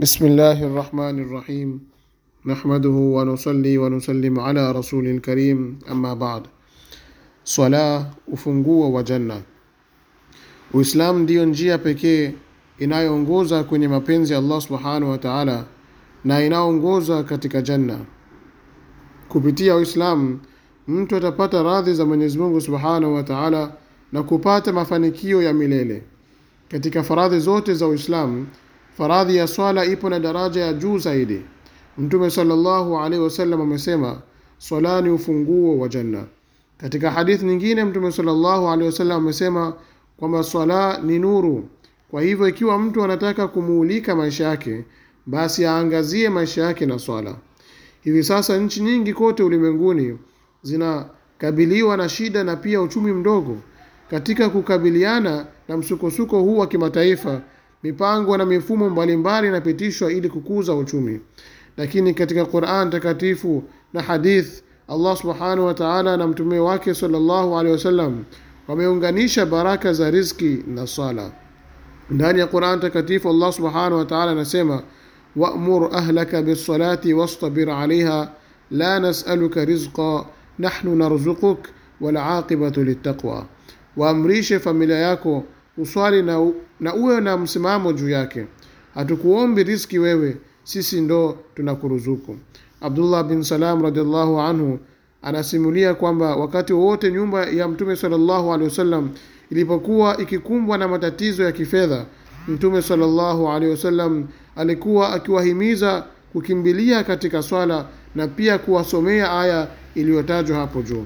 Bismillahi rahmani rahim nahmaduhu wa nusalli wa nusallim ala rasulil karim amma ba'd. Swala ufunguo wa janna. Uislamu ndiyo njia pekee inayoongoza kwenye mapenzi ya Allah subhanahu wa ta'ala na inaongoza katika janna. Kupitia Uislamu mtu atapata radhi za Mwenyezi Mungu subhanahu wa ta'ala na kupata mafanikio ya milele. Katika faradhi zote za Uislamu Faradhi ya swala ipo na daraja ya juu zaidi. Mtume sallallahu alaihi wasallam amesema, swala ni ufunguo wa janna. Katika hadithi nyingine Mtume sallallahu alaihi wasallam amesema kwamba swala ni nuru. Kwa hivyo ikiwa mtu anataka kumuulika maisha yake, basi aangazie maisha yake na swala. Hivi sasa nchi nyingi kote ulimwenguni zinakabiliwa na shida na pia uchumi mdogo. Katika kukabiliana na msukosuko huu wa kimataifa mipango na mifumo mbalimbali inapitishwa ili kukuza uchumi lakini katika quran takatifu na hadith allah subhanahu wa ta'ala na mtume wake sallallahu alehi wasallam wameunganisha baraka za riziki na sala ndani ya quran takatifu allah subhanahu wa ta'ala anasema wamur ahlaka bis-salati wastabir 'alayha la nasaluka rizqa nahnu narzuquk wal 'aqibatu lit-taqwa, waamrishe familia yako uswali na, na uwe na msimamo juu yake. Hatukuombi riski wewe, sisi ndo tunakuruzuku. Abdullah bin Salam radhiallahu anhu anasimulia kwamba wakati wowote nyumba ya Mtume sallallahu alaihi wasallam ilipokuwa ikikumbwa na matatizo ya kifedha, Mtume sallallahu alaihi wasallam alikuwa akiwahimiza kukimbilia katika swala na pia kuwasomea aya iliyotajwa hapo juu.